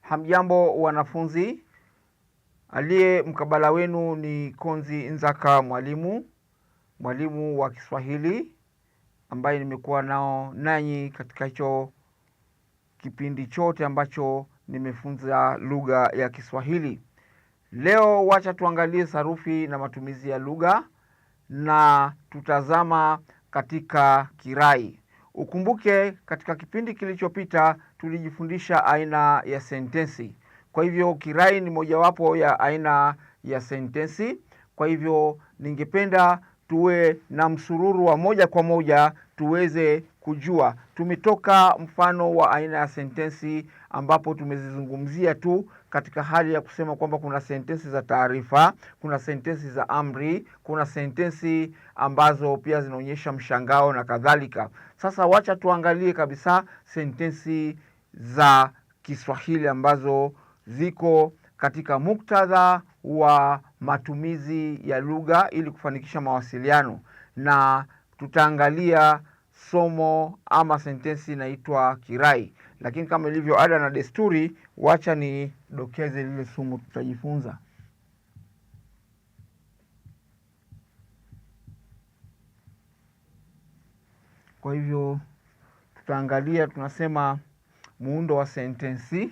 Hamjambo wanafunzi, aliye mkabala wenu ni Konzi Nzaka, mwalimu mwalimu wa Kiswahili ambaye nimekuwa nao nanyi katika hicho kipindi chote ambacho nimefunza lugha ya Kiswahili. Leo wacha tuangalie sarufi na matumizi ya lugha na tutazama katika kirai. Ukumbuke katika kipindi kilichopita tulijifundisha aina ya sentensi. Kwa hivyo kirai ni mojawapo ya aina ya sentensi. Kwa hivyo ningependa tuwe na msururu wa moja kwa moja tuweze kujua. Tumetoka mfano wa aina ya sentensi ambapo tumezizungumzia tu katika hali ya kusema kwamba kuna sentensi za taarifa, kuna sentensi za amri, kuna sentensi ambazo pia zinaonyesha mshangao na kadhalika. Sasa wacha tuangalie kabisa sentensi za Kiswahili ambazo ziko katika muktadha wa matumizi ya lugha ili kufanikisha mawasiliano, na tutaangalia somo ama sentensi inaitwa kirai lakini kama ilivyo ada na desturi, wacha ni dokeze lile somo tutajifunza. Kwa hivyo tutaangalia, tunasema muundo wa sentensi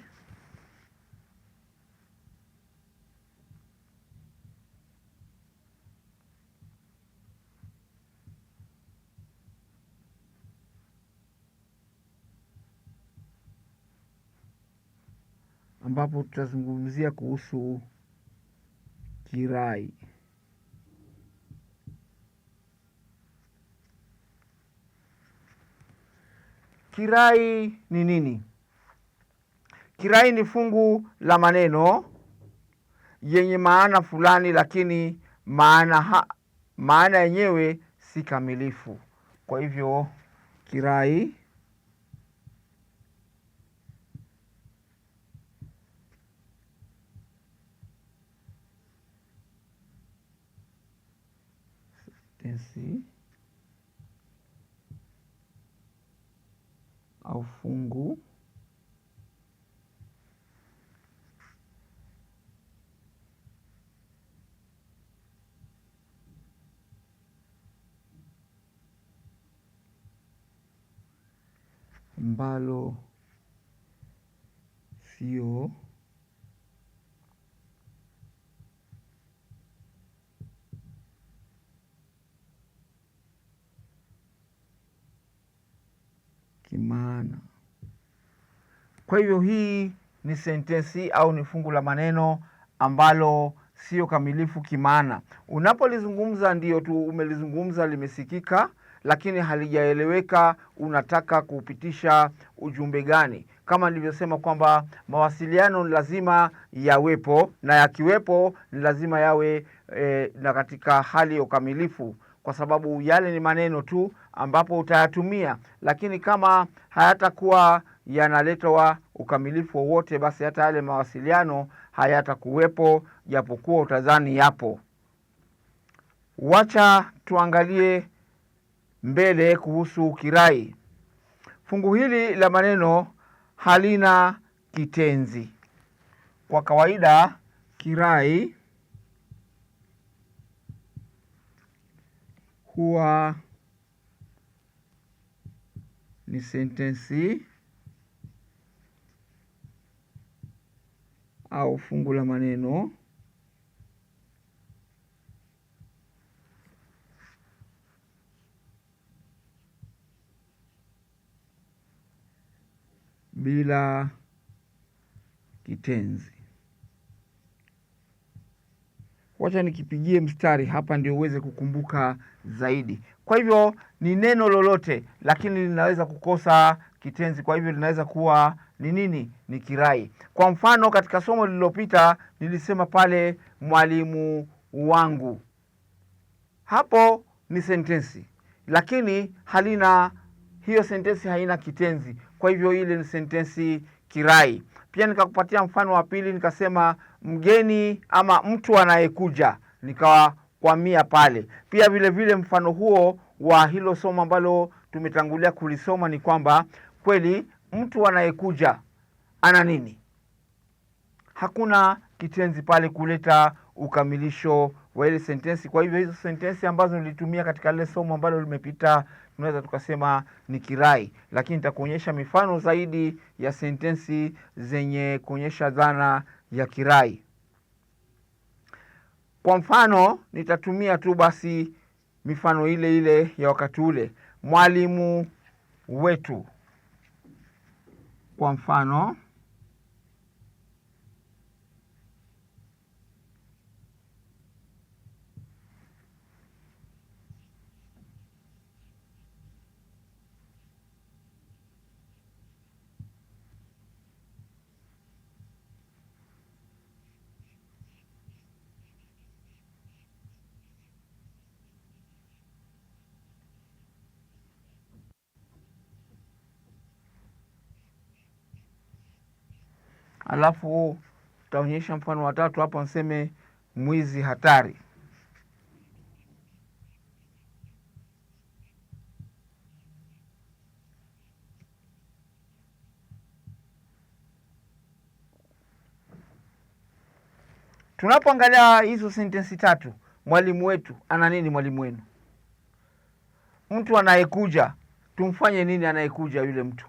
ambapo tutazungumzia kuhusu kirai. Kirai ni nini? Kirai ni fungu la maneno yenye maana fulani, lakini maana ha, maana yenyewe si kamilifu. Kwa hivyo kirai pertence ao fungo ambalo sio maana. Kwa hivyo hii ni sentensi au ni fungu la maneno ambalo sio kamilifu kimaana. Unapolizungumza ndiyo tu umelizungumza, limesikika, lakini halijaeleweka. Unataka kupitisha ujumbe gani? Kama nilivyosema kwamba mawasiliano ni lazima yawepo, na yakiwepo ni lazima yawe e, na katika hali ya ukamilifu, kwa sababu yale ni maneno tu ambapo utayatumia, lakini kama hayatakuwa yanaletwa ukamilifu wowote, basi hata yale mawasiliano hayatakuwepo, japokuwa utadhani yapo. Wacha tuangalie mbele kuhusu kirai. Fungu hili la maneno halina kitenzi. Kwa kawaida kirai huwa ni sentensi au fungu la maneno bila kitenzi wacha nikipigie mstari hapa ndio uweze kukumbuka zaidi. Kwa hivyo ni neno lolote, lakini linaweza kukosa kitenzi, kwa hivyo linaweza kuwa ni nini? Ni kirai. Kwa mfano, katika somo lililopita nilisema pale mwalimu wangu, hapo ni sentensi, lakini halina hiyo sentensi haina kitenzi, kwa hivyo ile ni sentensi kirai. Pia nikakupatia mfano wa pili, nikasema mgeni ama mtu anayekuja, nikawakwamia pale. Pia vile vile mfano huo wa hilo somo ambalo tumetangulia kulisoma ni kwamba kweli mtu anayekuja ana nini? Hakuna kitenzi pale kuleta ukamilisho wa ile sentensi. Kwa hivyo hizo sentensi ambazo nilitumia katika lile somo ambalo limepita tunaweza tukasema ni kirai, lakini nitakuonyesha mifano zaidi ya sentensi zenye kuonyesha dhana ya kirai. Kwa mfano, nitatumia tu basi mifano ile ile ya wakati ule, mwalimu wetu, kwa mfano alafu taonyesha mfano wa tatu hapa, nseme mwizi hatari. Tunapoangalia hizo sentensi tatu, mwalimu wetu ana nini? Mwalimu wenu, mtu anayekuja tumfanye nini? Anayekuja yule mtu,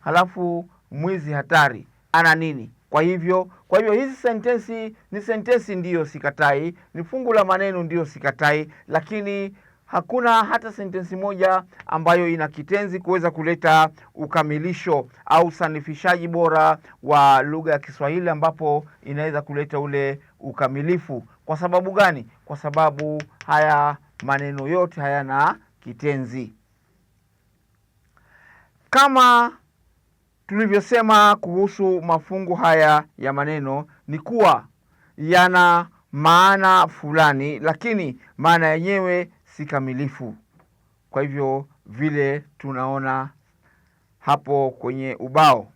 halafu mwizi hatari ana nini. Kwa hivyo kwa hivyo hizi sentensi ni sentensi, ndiyo sikatai, ni fungu la maneno, ndiyo sikatai, lakini hakuna hata sentensi moja ambayo ina kitenzi kuweza kuleta ukamilisho au sanifishaji bora wa lugha ya Kiswahili ambapo inaweza kuleta ule ukamilifu. Kwa sababu gani? Kwa sababu haya maneno yote hayana kitenzi kama tulivyosema kuhusu mafungu haya ya maneno ni kuwa yana maana fulani, lakini maana yenyewe si kamilifu. Kwa hivyo vile tunaona hapo kwenye ubao,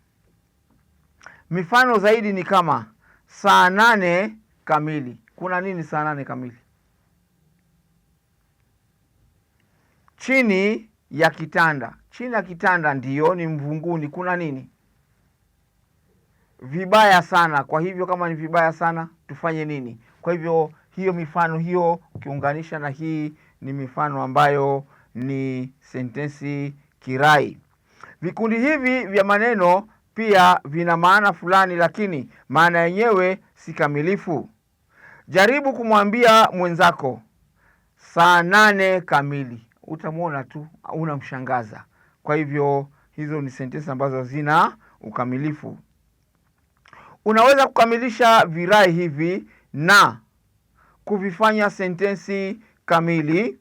mifano zaidi ni kama saa nane kamili. Kuna nini saa nane kamili? Chini ya kitanda, chini ya kitanda ndiyo ni mvunguni, kuna nini vibaya sana. Kwa hivyo kama ni vibaya sana tufanye nini? Kwa hivyo hiyo mifano hiyo ukiunganisha na hii ni mifano ambayo ni sentensi kirai. Vikundi hivi vya maneno pia vina maana fulani, lakini maana yenyewe si kamilifu. Jaribu kumwambia mwenzako saa nane kamili utamwona tu, unamshangaza. Kwa hivyo hizo ni sentensi ambazo zina ukamilifu. Unaweza kukamilisha virai hivi na kuvifanya sentensi kamili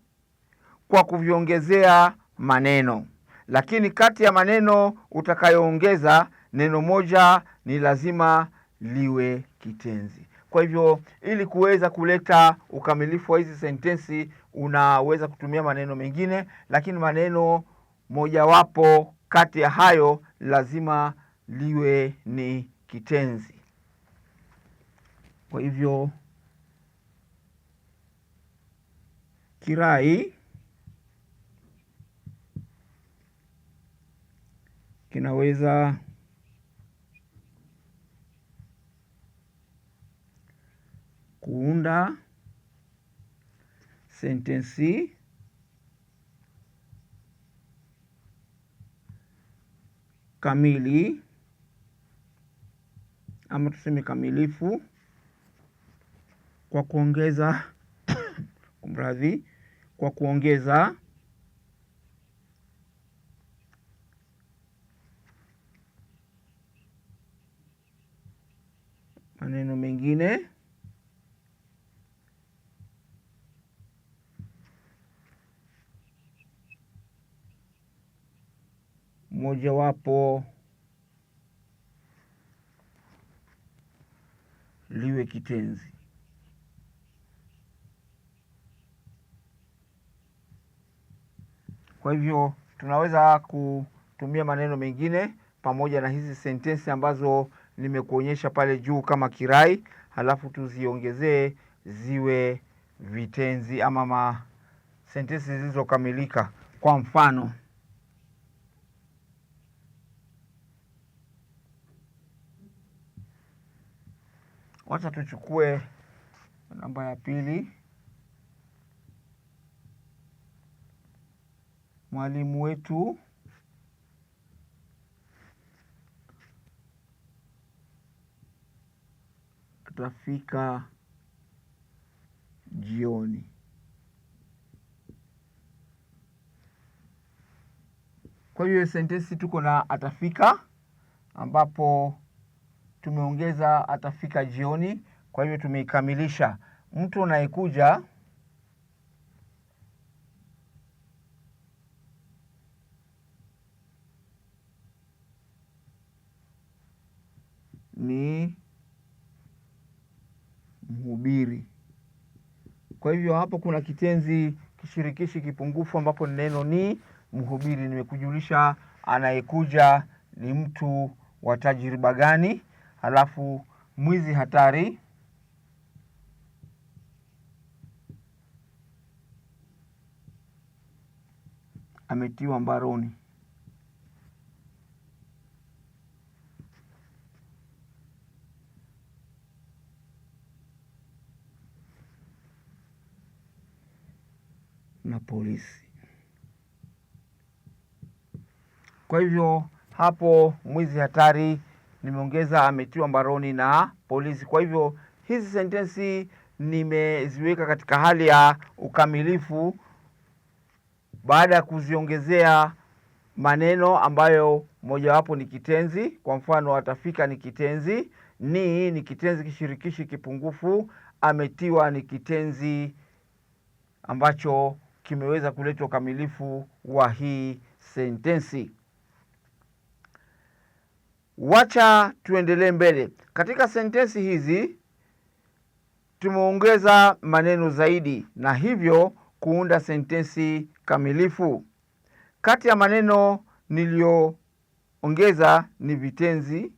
kwa kuviongezea maneno, lakini kati ya maneno utakayoongeza neno moja ni lazima liwe kitenzi. Kwa hivyo ili kuweza kuleta ukamilifu wa hizi sentensi unaweza kutumia maneno mengine, lakini maneno mojawapo kati ya hayo lazima liwe ni kitenzi. Kwa hivyo kirai kinaweza kuunda sentensi kamili ama tuseme kamilifu kwa kuongeza kumradhi, kwa kuongeza maneno mengine mojawapo liwe kitenzi kwa hivyo tunaweza kutumia maneno mengine pamoja na hizi sentensi ambazo nimekuonyesha pale juu kama kirai, halafu tuziongezee ziwe vitenzi ama ma sentensi zilizokamilika. Kwa mfano Wacha tuchukue namba ya pili. Mwalimu wetu atafika jioni. Kwa hiyo sentensi tuko na atafika ambapo tumeongeza atafika jioni, kwa hivyo tumeikamilisha. Mtu anayekuja ni mhubiri. Kwa hivyo hapo kuna kitenzi kishirikishi kipungufu ambapo neno ni mhubiri. Nimekujulisha anayekuja ni mtu wa tajriba gani halafu mwizi hatari ametiwa mbaroni. na polisi. Kwa hivyo hapo mwizi hatari nimeongeza ametiwa mbaroni na polisi. Kwa hivyo hizi sentensi nimeziweka katika hali ya ukamilifu baada ya kuziongezea maneno ambayo mojawapo ni kitenzi. Kwa mfano, atafika ni kitenzi, ni ni kitenzi kishirikishi kipungufu, ametiwa ni kitenzi ambacho kimeweza kuleta ukamilifu wa hii sentensi. Wacha tuendelee mbele katika sentensi hizi, tumeongeza maneno zaidi na hivyo kuunda sentensi kamilifu. Kati ya maneno niliyoongeza ni vitenzi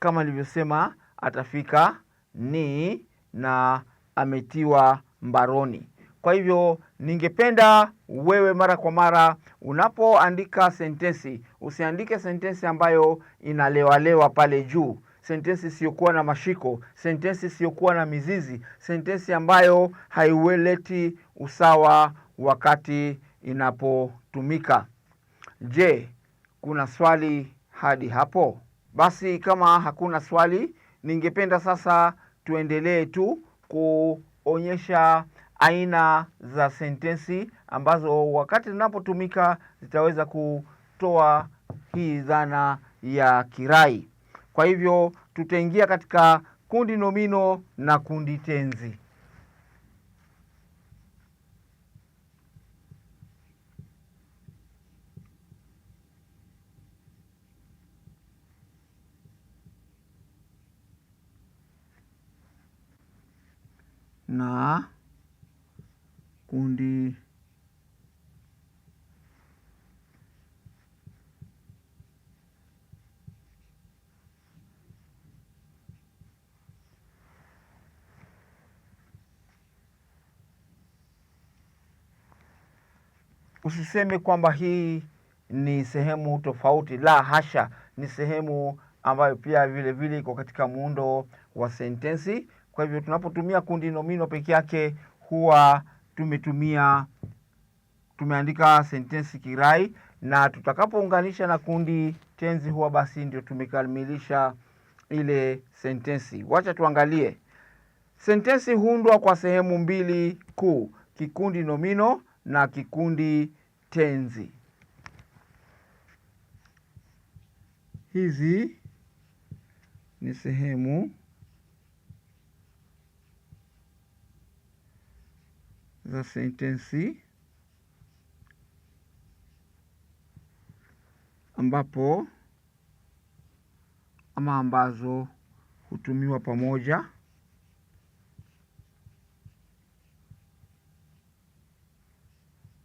kama nilivyosema, atafika, ni na ametiwa mbaroni. Kwa hivyo ningependa wewe mara kwa mara unapoandika sentensi usiandike sentensi ambayo inalewalewa pale juu, sentensi isiyokuwa na mashiko, sentensi isiyokuwa na mizizi, sentensi ambayo haiweleti usawa wakati inapotumika. Je, kuna swali hadi hapo? Basi kama hakuna swali, ningependa sasa tuendelee tu kuonyesha aina za sentensi ambazo wakati zinapotumika zitaweza kutoa hii dhana ya kirai. Kwa hivyo tutaingia katika kundi nomino na kundi tenzi. na kundi usiseme kwamba hii ni sehemu tofauti, la hasha, ni sehemu ambayo pia vile vile iko katika muundo wa sentensi. Kwa hivyo tunapotumia kundi nomino peke yake huwa tumetumia tumeandika sentensi kirai, na tutakapounganisha na kundi tenzi huwa basi ndio tumekamilisha ile sentensi. Wacha tuangalie sentensi. hundwa kwa sehemu mbili kuu, kikundi nomino na kikundi tenzi. Hizi ni sehemu the sentensi ambapo ama ambazo hutumiwa pamoja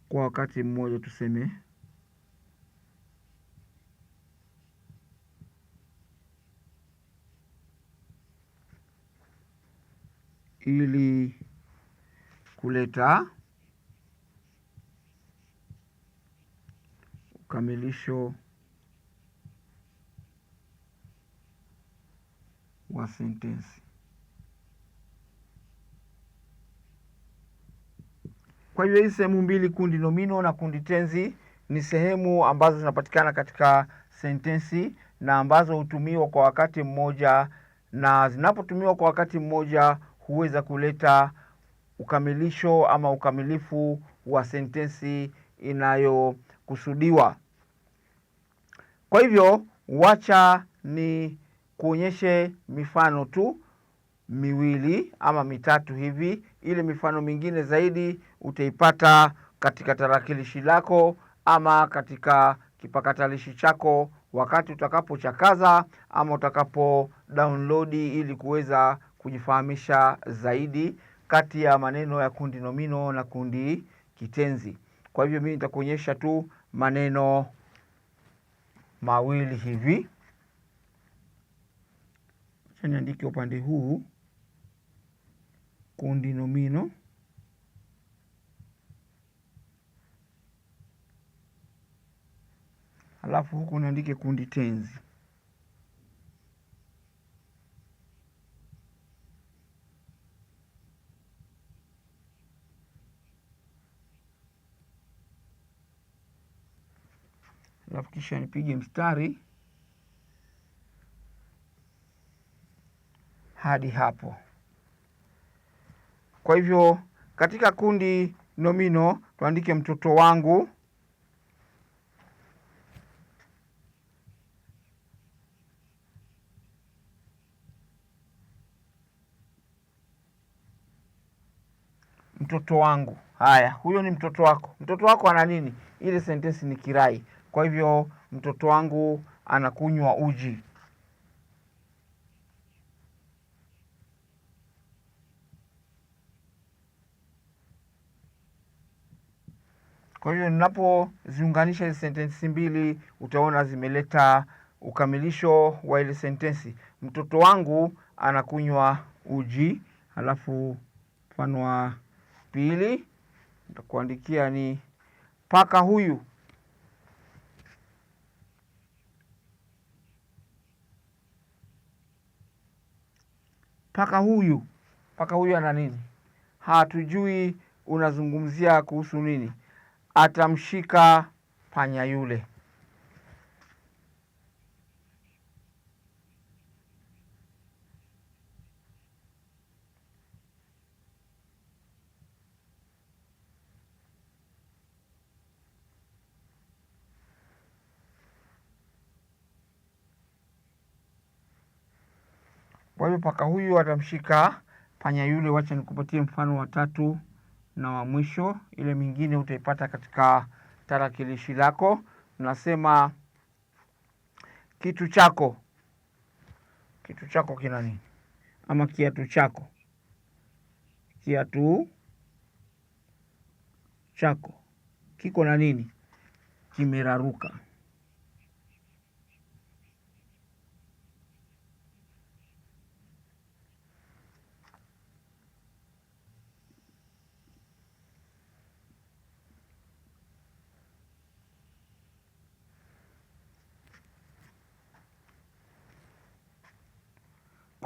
kwa wakati mmoja tuseme ili kuleta ukamilisho wa sentensi. Kwa hiyo hii sehemu mbili, kundi nomino na kundi tenzi, ni sehemu ambazo zinapatikana katika sentensi na ambazo hutumiwa kwa wakati mmoja, na zinapotumiwa kwa wakati mmoja huweza kuleta ukamilisho ama ukamilifu wa sentensi inayokusudiwa. Kwa hivyo, wacha ni kuonyeshe mifano tu miwili ama mitatu hivi. ili mifano mingine zaidi utaipata katika tarakilishi lako ama katika kipakatalishi chako wakati utakapochakaza ama utakapo ili kuweza kujifahamisha zaidi kati ya maneno ya kundi nomino na kundi kitenzi. Kwa hivyo mimi nitakuonyesha tu maneno mawili hivi, acha niandike upande huu kundi nomino alafu huku niandike kundi tenzi. alafu kisha nipige mstari hadi hapo. Kwa hivyo katika kundi nomino tuandike mtoto wangu mtoto wangu. Haya, huyo ni mtoto wako. Mtoto wako ana nini? Ile sentensi ni kirai. Kwa hivyo mtoto wangu anakunywa uji. Kwa hivyo ninapoziunganisha hizi sentensi mbili, utaona zimeleta ukamilisho wa ile sentensi. Mtoto wangu anakunywa uji. Halafu mfano wa pili nitakuandikia ni paka huyu paka huyu, paka huyu ana nini? Hatujui unazungumzia kuhusu nini. Atamshika panya yule. Kwa hiyo paka huyu atamshika panya yule. Wacha nikupatie mfano wa tatu na wa mwisho, ile mingine utaipata katika tarakilishi lako. Nasema kitu chako, kitu chako kina nini? Ama kiatu chako, kiatu chako kiko na nini? Kimeraruka.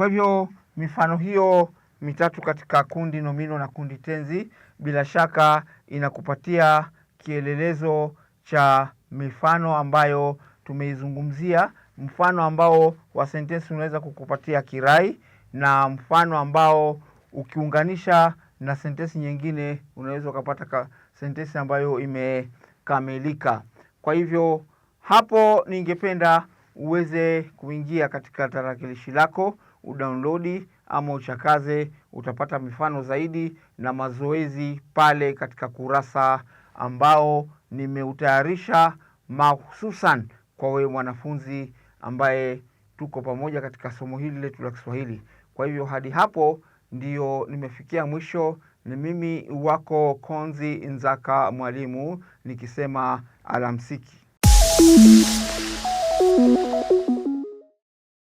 Kwa hivyo mifano hiyo mitatu katika kundi nomino na kundi tenzi bila shaka inakupatia kielelezo cha mifano ambayo tumeizungumzia, mfano ambao wa sentensi unaweza kukupatia kirai na mfano ambao ukiunganisha na sentensi nyingine unaweza ukapata ka sentensi ambayo imekamilika. Kwa hivyo hapo, ningependa uweze kuingia katika tarakilishi lako udownloadi ama uchakaze, utapata mifano zaidi na mazoezi pale katika kurasa ambao nimeutayarisha mahususan kwa wewe mwanafunzi ambaye tuko pamoja katika somo hili letu la Kiswahili. Kwa hivyo hadi hapo ndio nimefikia mwisho. Ni mimi wako Konzi Nzaka mwalimu nikisema alamsiki.